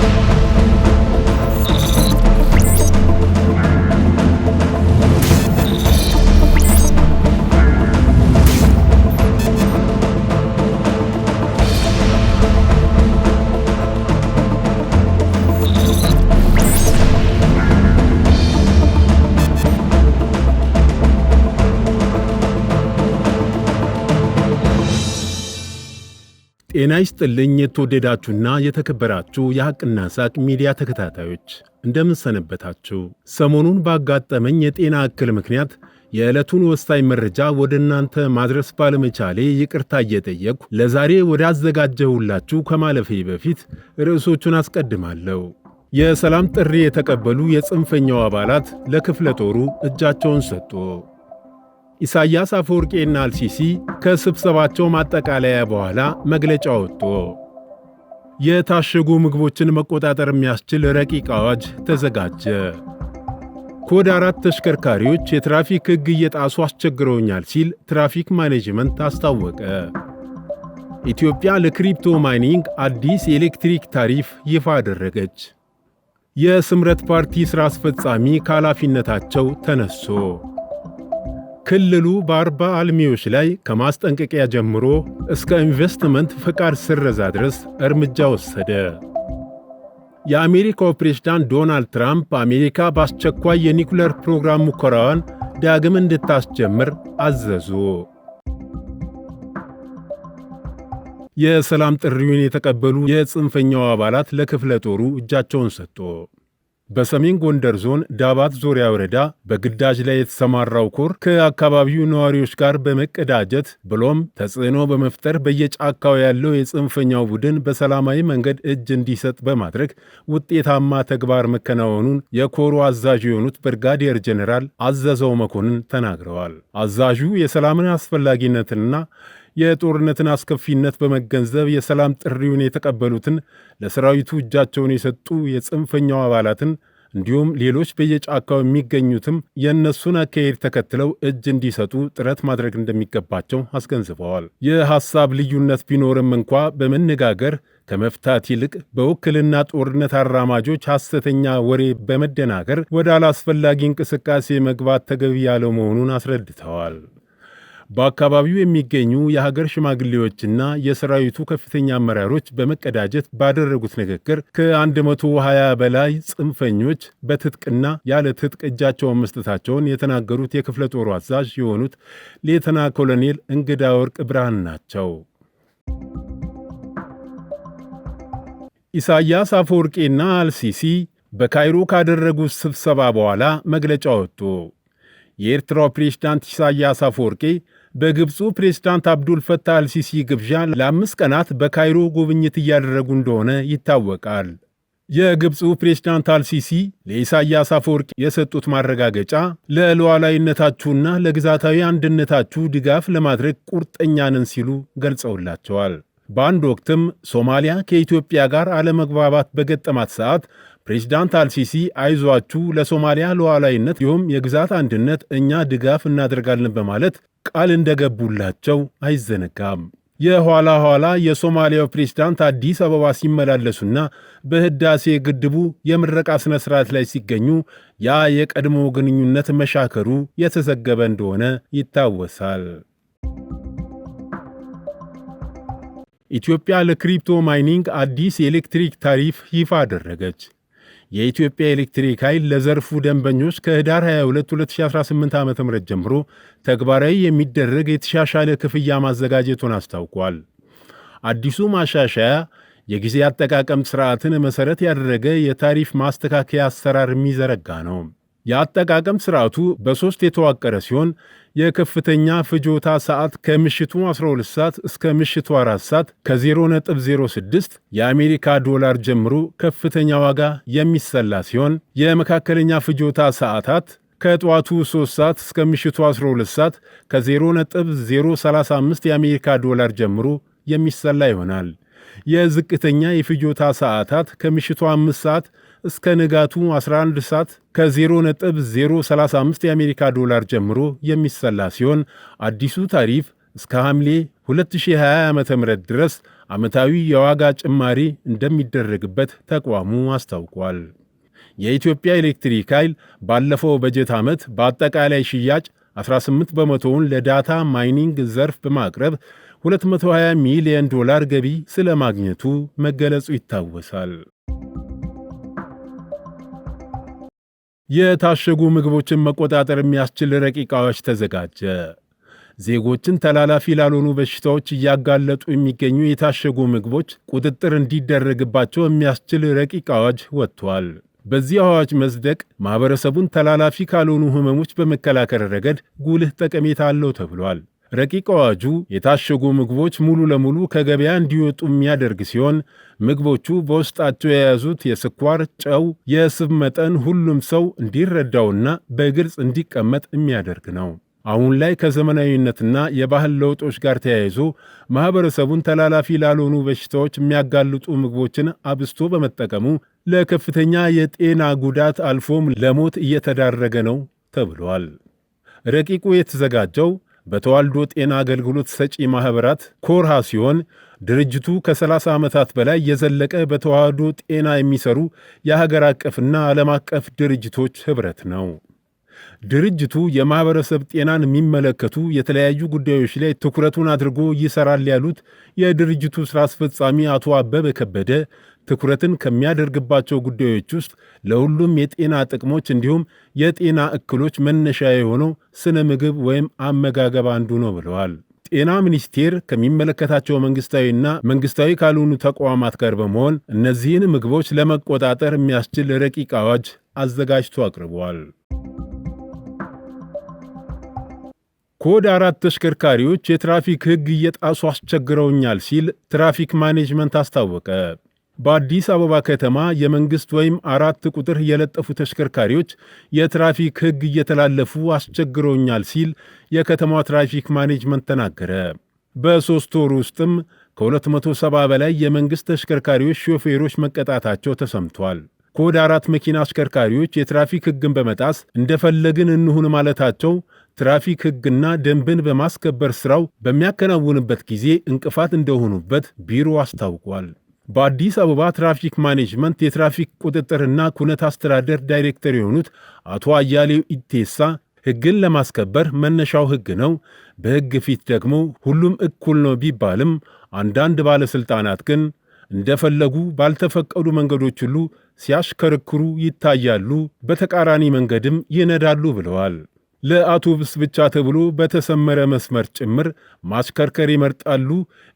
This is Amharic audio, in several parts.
Thank you. ጤና ይስጥልኝ የተወደዳችሁና የተከበራችሁ የሐቅና ሳቅ ሚዲያ ተከታታዮች እንደምንሰነበታችሁ። ሰሞኑን ባጋጠመኝ የጤና እክል ምክንያት የዕለቱን ወሳኝ መረጃ ወደ እናንተ ማድረስ ባለመቻሌ ይቅርታ እየጠየቅኩ ለዛሬ ወዳዘጋጀሁላችሁ ከማለፌ በፊት ርዕሶቹን አስቀድማለሁ። የሰላም ጥሪ የተቀበሉ የጽንፈኛው አባላት ለክፍለ ጦሩ እጃቸውን ሰጡ። ኢሳያስ አፈወርቄና አልሲሲ ከስብሰባቸው ማጠቃለያ በኋላ መግለጫ ወጡ። የታሸጉ ምግቦችን መቆጣጠር የሚያስችል ረቂቅ አዋጅ ተዘጋጀ። ኮድ አራት ተሽከርካሪዎች የትራፊክ ሕግ እየጣሱ አስቸግረውኛል ሲል ትራፊክ ማኔጅመንት አስታወቀ። ኢትዮጵያ ለክሪፕቶ ማይኒንግ አዲስ የኤሌክትሪክ ታሪፍ ይፋ አደረገች። የስምረት ፓርቲ ሥራ አስፈጻሚ ከኃላፊነታቸው ተነሶ ክልሉ በአርባ አልሚዎች ላይ ከማስጠንቀቂያ ጀምሮ እስከ ኢንቨስትመንት ፍቃድ ስረዛ ድረስ እርምጃ ወሰደ። የአሜሪካው ፕሬዝዳንት ዶናልድ ትራምፕ አሜሪካ በአስቸኳይ የኒኩሌር ፕሮግራም ሙከራዋን ዳግም እንድታስጀምር አዘዙ። የሰላም ጥሪውን የተቀበሉ የጽንፈኛው አባላት ለክፍለ ጦሩ እጃቸውን ሰጡ። በሰሜን ጎንደር ዞን ዳባት ዙሪያ ወረዳ በግዳጅ ላይ የተሰማራው ኮር ከአካባቢው ነዋሪዎች ጋር በመቀዳጀት ብሎም ተጽዕኖ በመፍጠር በየጫካው ያለው የጽንፈኛው ቡድን በሰላማዊ መንገድ እጅ እንዲሰጥ በማድረግ ውጤታማ ተግባር መከናወኑን የኮሩ አዛዥ የሆኑት ብርጋዲየር ጄኔራል አዘዘው መኮንን ተናግረዋል። አዛዡ የሰላምን አስፈላጊነትና የጦርነትን አስከፊነት በመገንዘብ የሰላም ጥሪውን የተቀበሉትን ለሰራዊቱ እጃቸውን የሰጡ የጽንፈኛው አባላትን እንዲሁም ሌሎች በየጫካው የሚገኙትም የእነሱን አካሄድ ተከትለው እጅ እንዲሰጡ ጥረት ማድረግ እንደሚገባቸው አስገንዝበዋል። የሐሳብ ልዩነት ቢኖርም እንኳ በመነጋገር ከመፍታት ይልቅ በውክልና ጦርነት አራማጆች ሐሰተኛ ወሬ በመደናገር ወደ አላስፈላጊ እንቅስቃሴ መግባት ተገቢ ያለው መሆኑን አስረድተዋል። በአካባቢው የሚገኙ የሀገር ሽማግሌዎችና የሰራዊቱ ከፍተኛ አመራሮች በመቀዳጀት ባደረጉት ንግግር ከ120 በላይ ጽንፈኞች በትጥቅና ያለ ትጥቅ እጃቸውን መስጠታቸውን የተናገሩት የክፍለ ጦሩ አዛዥ የሆኑት ሌተና ኮሎኔል እንግዳ ወርቅ ብርሃን ናቸው። ኢሳያስ አፈወርቄና አልሲሲ በካይሮ ካደረጉት ስብሰባ በኋላ መግለጫ ወጡ። የኤርትራው ፕሬዝዳንት ኢሳያስ አፈወርቄ በግብፁ ፕሬዝዳንት አብዱል ፈታህ አልሲሲ ግብዣ ለአምስት ቀናት በካይሮ ጉብኝት እያደረጉ እንደሆነ ይታወቃል። የግብፁ ፕሬዝዳንት አልሲሲ ለኢሳያስ አፈወርቅ የሰጡት ማረጋገጫ ለሉዓላዊነታችሁና ለግዛታዊ አንድነታችሁ ድጋፍ ለማድረግ ቁርጠኛ ነን ሲሉ ገልጸውላቸዋል። በአንድ ወቅትም ሶማሊያ ከኢትዮጵያ ጋር አለመግባባት በገጠማት ሰዓት ፕሬዚዳንት አልሲሲ አይዟችሁ፣ ለሶማሊያ ሉዓላዊነት ይሁም የግዛት አንድነት እኛ ድጋፍ እናደርጋለን በማለት ቃል እንደገቡላቸው አይዘነጋም። የኋላ ኋላ የሶማሊያው ፕሬዚዳንት አዲስ አበባ ሲመላለሱና በህዳሴ ግድቡ የምረቃ ሥነ ሥርዓት ላይ ሲገኙ ያ የቀድሞ ግንኙነት መሻከሩ የተዘገበ እንደሆነ ይታወሳል። ኢትዮጵያ ለክሪፕቶ ማይኒንግ አዲስ የኤሌክትሪክ ታሪፍ ይፋ አደረገች። የኢትዮጵያ ኤሌክትሪክ ኃይል ለዘርፉ ደንበኞች ከህዳር 22 2018 ዓ ም ጀምሮ ተግባራዊ የሚደረግ የተሻሻለ ክፍያ ማዘጋጀቱን አስታውቋል። አዲሱ ማሻሻያ የጊዜ አጠቃቀም ስርዓትን መሠረት ያደረገ የታሪፍ ማስተካከያ አሰራር የሚዘረጋ ነው። የአጠቃቀም ስርዓቱ በሦስት የተዋቀረ ሲሆን የከፍተኛ ፍጆታ ሰዓት ከምሽቱ 12 ሰዓት እስከ ምሽቱ 4 ሰዓት ከ0.06 የአሜሪካ ዶላር ጀምሮ ከፍተኛ ዋጋ የሚሰላ ሲሆን የመካከለኛ ፍጆታ ሰዓታት ከጠዋቱ 3 ሰዓት እስከ ምሽቱ 12 ሰዓት ከ0.035 የአሜሪካ ዶላር ጀምሮ የሚሰላ ይሆናል። የዝቅተኛ የፍጆታ ሰዓታት ከምሽቱ 5 ሰዓት እስከ ንጋቱ 11 ሰዓት ከ0.035 የአሜሪካ ዶላር ጀምሮ የሚሰላ ሲሆን አዲሱ ታሪፍ እስከ ሐምሌ 2020 ዓ ም ድረስ ዓመታዊ የዋጋ ጭማሪ እንደሚደረግበት ተቋሙ አስታውቋል። የኢትዮጵያ ኤሌክትሪክ ኃይል ባለፈው በጀት ዓመት በአጠቃላይ ሽያጭ 18 በመቶውን ለዳታ ማይኒንግ ዘርፍ በማቅረብ 220 ሚሊዮን ዶላር ገቢ ስለ ማግኘቱ መገለጹ ይታወሳል። የታሸጉ ምግቦችን መቆጣጠር የሚያስችል ረቂቅ አዋጅ ተዘጋጀ። ዜጎችን ተላላፊ ላልሆኑ በሽታዎች እያጋለጡ የሚገኙ የታሸጉ ምግቦች ቁጥጥር እንዲደረግባቸው የሚያስችል ረቂቅ አዋጅ ወጥቷል። በዚህ አዋጅ መጽደቅ ማኅበረሰቡን ተላላፊ ካልሆኑ ህመሞች በመከላከል ረገድ ጉልህ ጠቀሜታ አለው ተብሏል። ረቂቅ አዋጁ የታሸጉ ምግቦች ሙሉ ለሙሉ ከገበያ እንዲወጡ የሚያደርግ ሲሆን ምግቦቹ በውስጣቸው የያዙት የስኳር፣ ጨው፣ የስብ መጠን ሁሉም ሰው እንዲረዳውና በግልጽ እንዲቀመጥ የሚያደርግ ነው። አሁን ላይ ከዘመናዊነትና የባህል ለውጦች ጋር ተያይዞ ማህበረሰቡን ተላላፊ ላልሆኑ በሽታዎች የሚያጋልጡ ምግቦችን አብዝቶ በመጠቀሙ ለከፍተኛ የጤና ጉዳት አልፎም ለሞት እየተዳረገ ነው ተብሏል። ረቂቁ የተዘጋጀው በተዋልዶ ጤና አገልግሎት ሰጪ ማኅበራት ኮርሃ ሲሆን ድርጅቱ ከ30 ዓመታት በላይ የዘለቀ በተዋህዶ ጤና የሚሰሩ የሀገር አቀፍና ዓለም አቀፍ ድርጅቶች ኅብረት ነው። ድርጅቱ የማኅበረሰብ ጤናን የሚመለከቱ የተለያዩ ጉዳዮች ላይ ትኩረቱን አድርጎ ይሠራል ያሉት የድርጅቱ ሥራ አስፈጻሚ አቶ አበበ ከበደ ትኩረትን ከሚያደርግባቸው ጉዳዮች ውስጥ ለሁሉም የጤና ጥቅሞች እንዲሁም የጤና እክሎች መነሻ የሆነው ስነ ምግብ ወይም አመጋገብ አንዱ ነው ብለዋል። ጤና ሚኒስቴር ከሚመለከታቸው መንግስታዊና መንግስታዊ ካልሆኑ ተቋማት ጋር በመሆን እነዚህን ምግቦች ለመቆጣጠር የሚያስችል ረቂቅ አዋጅ አዘጋጅቶ አቅርበዋል። ኮድ አራት ተሽከርካሪዎች የትራፊክ ሕግ እየጣሱ አስቸግረውኛል ሲል ትራፊክ ማኔጅመንት አስታወቀ። በአዲስ አበባ ከተማ የመንግሥት ወይም አራት ቁጥር የለጠፉ ተሽከርካሪዎች የትራፊክ ሕግ እየተላለፉ አስቸግሮኛል ሲል የከተማዋ ትራፊክ ማኔጅመንት ተናገረ። በሦስት ወር ውስጥም ከ270 በላይ የመንግሥት ተሽከርካሪዎች ሾፌሮች መቀጣታቸው ተሰምቷል። ከወደ አራት መኪና አሽከርካሪዎች የትራፊክ ሕግን በመጣስ እንደፈለግን እንሁን ማለታቸው ትራፊክ ሕግና ደንብን በማስከበር ሥራው በሚያከናውንበት ጊዜ እንቅፋት እንደሆኑበት ቢሮ አስታውቋል። በአዲስ አበባ ትራፊክ ማኔጅመንት የትራፊክ ቁጥጥርና ኩነት አስተዳደር ዳይሬክተር የሆኑት አቶ አያሌው ኢቴሳ ሕግን ለማስከበር መነሻው ሕግ ነው፣ በሕግ ፊት ደግሞ ሁሉም እኩል ነው ቢባልም አንዳንድ ባለሥልጣናት ግን እንደፈለጉ ባልተፈቀዱ መንገዶች ሁሉ ሲያሽከረክሩ ይታያሉ፣ በተቃራኒ መንገድም ይነዳሉ ብለዋል። ለአውቶቡስ ብቻ ተብሎ በተሰመረ መስመር ጭምር ማሽከርከር ይመርጣሉ።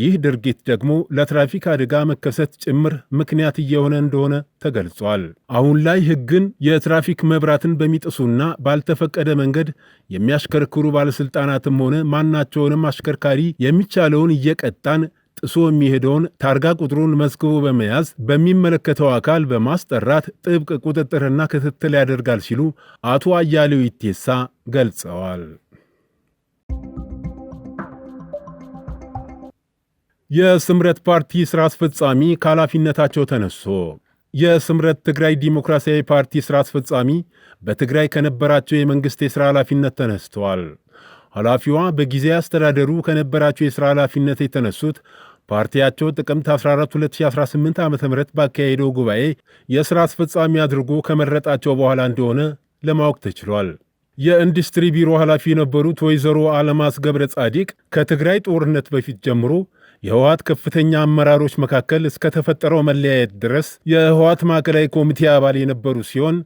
ይህ ድርጊት ደግሞ ለትራፊክ አደጋ መከሰት ጭምር ምክንያት እየሆነ እንደሆነ ተገልጿል። አሁን ላይ ሕግን የትራፊክ መብራትን በሚጥሱና ባልተፈቀደ መንገድ የሚያሽከርክሩ ባለሥልጣናትም ሆነ ማናቸውንም አሽከርካሪ የሚቻለውን እየቀጣን ጥሶ የሚሄደውን ታርጋ ቁጥሩን መዝግቦ በመያዝ በሚመለከተው አካል በማስጠራት ጥብቅ ቁጥጥርና ክትትል ያደርጋል ሲሉ አቶ አያሌው ይቴሳ ገልጸዋል። የስምረት ፓርቲ ሥራ አስፈጻሚ ከኃላፊነታቸው ተነሶ የስምረት ትግራይ ዲሞክራሲያዊ ፓርቲ ሥራ አስፈጻሚ በትግራይ ከነበራቸው የመንግሥት የሥራ ኃላፊነት ተነስተዋል። ኃላፊዋ በጊዜ አስተዳደሩ ከነበራቸው የሥራ ኃላፊነት የተነሱት ፓርቲያቸው ጥቅምት 14 2018 ዓ ም ባካሄደው ጉባኤ የሥራ አስፈጻሚ አድርጎ ከመረጣቸው በኋላ እንደሆነ ለማወቅ ተችሏል። የኢንዱስትሪ ቢሮ ኃላፊ የነበሩት ወይዘሮ አለማስ ገብረ ጻዲቅ ከትግራይ ጦርነት በፊት ጀምሮ የህዋት ከፍተኛ አመራሮች መካከል እስከተፈጠረው መለያየት ድረስ የህዋት ማዕከላዊ ኮሚቴ አባል የነበሩ ሲሆን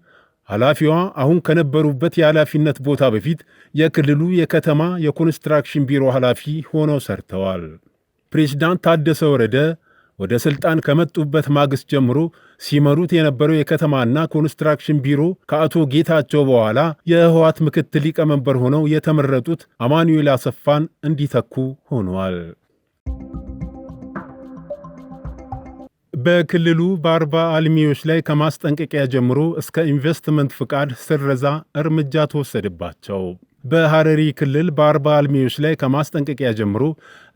ኃላፊዋ አሁን ከነበሩበት የኃላፊነት ቦታ በፊት የክልሉ የከተማ የኮንስትራክሽን ቢሮ ኃላፊ ሆነው ሰርተዋል። ፕሬዝዳንት ታደሰ ወረደ ወደ ሥልጣን ከመጡበት ማግስት ጀምሮ ሲመሩት የነበረው የከተማና ኮንስትራክሽን ቢሮ ከአቶ ጌታቸው በኋላ የህወሓት ምክትል ሊቀመንበር ሆነው የተመረጡት አማኑኤል አሰፋን እንዲተኩ ሆኗል። በክልሉ በአርባ አልሚዎች ላይ ከማስጠንቀቂያ ጀምሮ እስከ ኢንቨስትመንት ፍቃድ ስረዛ እርምጃ ተወሰደባቸው። በሐረሪ ክልል በአርባ አልሚዎች ላይ ከማስጠንቀቂያ ጀምሮ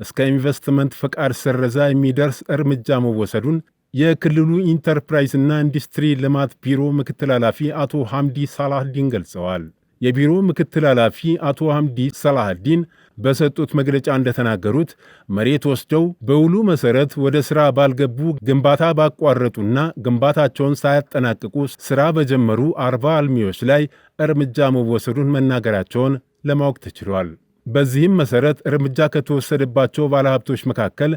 እስከ ኢንቨስትመንት ፍቃድ ስረዛ የሚደርስ እርምጃ መወሰዱን የክልሉ ኢንተርፕራይዝና ኢንዱስትሪ ልማት ቢሮ ምክትል ኃላፊ አቶ ሐምዲ ሳላህዲን ገልጸዋል። የቢሮ ምክትል ኃላፊ አቶ ሐምዲ ሳላህዲን በሰጡት መግለጫ እንደተናገሩት መሬት ወስደው በውሉ መሰረት ወደ ስራ ባልገቡ ግንባታ ባቋረጡና ግንባታቸውን ሳያጠናቅቁ ስራ በጀመሩ አርባ አልሚዎች ላይ እርምጃ መወሰዱን መናገራቸውን ለማወቅ ተችሏል። በዚህም መሰረት እርምጃ ከተወሰደባቸው ባለሀብቶች መካከል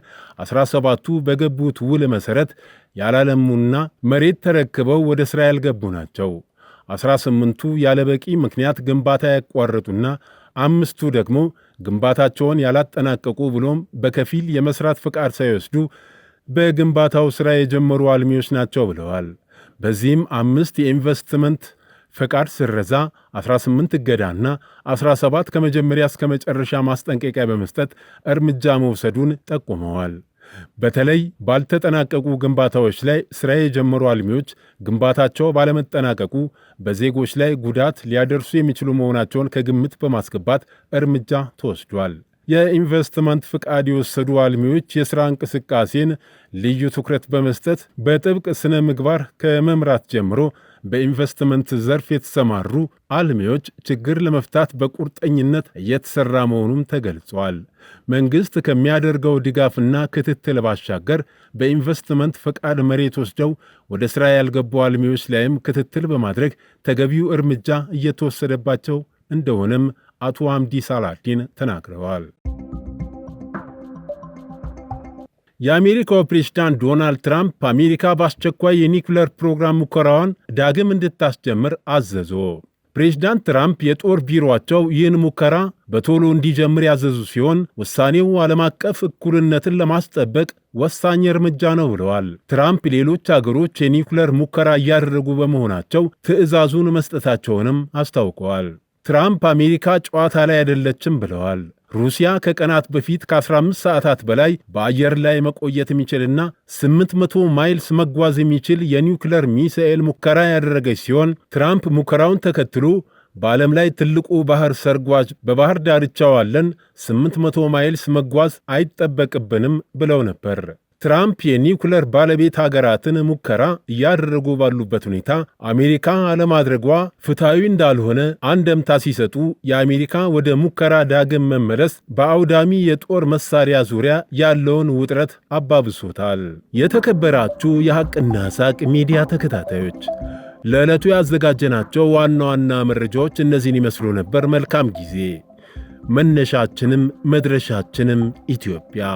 17ቱ በገቡት ውል መሰረት ያላለሙና መሬት ተረክበው ወደ ሥራ ያልገቡ ናቸው። አስራ ስምንቱ ያለበቂ ምክንያት ግንባታ ያቋረጡና አምስቱ ደግሞ ግንባታቸውን ያላጠናቀቁ ብሎም በከፊል የመስራት ፍቃድ ሳይወስዱ በግንባታው ሥራ የጀመሩ አልሚዎች ናቸው ብለዋል። በዚህም አምስት የኢንቨስትመንት ፈቃድ ስረዛ 18 እገዳና 17 ከመጀመሪያ እስከ መጨረሻ ማስጠንቀቂያ በመስጠት እርምጃ መውሰዱን ጠቁመዋል። በተለይ ባልተጠናቀቁ ግንባታዎች ላይ ስራ የጀመሩ አልሚዎች ግንባታቸው ባለመጠናቀቁ በዜጎች ላይ ጉዳት ሊያደርሱ የሚችሉ መሆናቸውን ከግምት በማስገባት እርምጃ ተወስዷል። የኢንቨስትመንት ፍቃድ የወሰዱ አልሚዎች የሥራ እንቅስቃሴን ልዩ ትኩረት በመስጠት በጥብቅ ስነ ምግባር ከመምራት ጀምሮ በኢንቨስትመንት ዘርፍ የተሰማሩ አልሚዎች ችግር ለመፍታት በቁርጠኝነት እየተሰራ መሆኑም ተገልጿል። መንግሥት ከሚያደርገው ድጋፍና ክትትል ባሻገር በኢንቨስትመንት ፈቃድ መሬት ወስደው ወደ ሥራ ያልገቡ አልሚዎች ላይም ክትትል በማድረግ ተገቢው እርምጃ እየተወሰደባቸው እንደሆነም አቶ አምዲ ሳላዲን ተናግረዋል። የአሜሪካው ፕሬዝዳንት ዶናልድ ትራምፕ አሜሪካ በአስቸኳይ የኒውክለር ፕሮግራም ሙከራዋን ዳግም እንድታስጀምር አዘዙ። ፕሬዝዳንት ትራምፕ የጦር ቢሮቸው ይህን ሙከራ በቶሎ እንዲጀምር ያዘዙ ሲሆን ውሳኔው ዓለም አቀፍ እኩልነትን ለማስጠበቅ ወሳኝ እርምጃ ነው ብለዋል። ትራምፕ ሌሎች አገሮች የኒውክለር ሙከራ እያደረጉ በመሆናቸው ትዕዛዙን መስጠታቸውንም አስታውቀዋል። ትራምፕ አሜሪካ ጨዋታ ላይ አይደለችም ብለዋል። ሩሲያ ከቀናት በፊት ከ15 ሰዓታት በላይ በአየር ላይ መቆየት የሚችልና 800 ማይልስ መጓዝ የሚችል የኒውክለር ሚሳኤል ሙከራ ያደረገች ሲሆን ትራምፕ ሙከራውን ተከትሎ በዓለም ላይ ትልቁ ባህር ሰርጓጅ በባህር ዳርቻው አለን፣ 800 ማይልስ መጓዝ አይጠበቅብንም ብለው ነበር። ትራምፕ የኒውክለር ባለቤት ሀገራትን ሙከራ እያደረጉ ባሉበት ሁኔታ አሜሪካ አለማድረጓ ፍትሐዊ እንዳልሆነ አንደምታ ሲሰጡ የአሜሪካ ወደ ሙከራ ዳግም መመለስ በአውዳሚ የጦር መሳሪያ ዙሪያ ያለውን ውጥረት አባብሶታል። የተከበራችሁ የሐቅና ሳቅ ሚዲያ ተከታታዮች ለዕለቱ ያዘጋጀናቸው ዋና ዋና መረጃዎች እነዚህን ይመስሉ ነበር። መልካም ጊዜ። መነሻችንም መድረሻችንም ኢትዮጵያ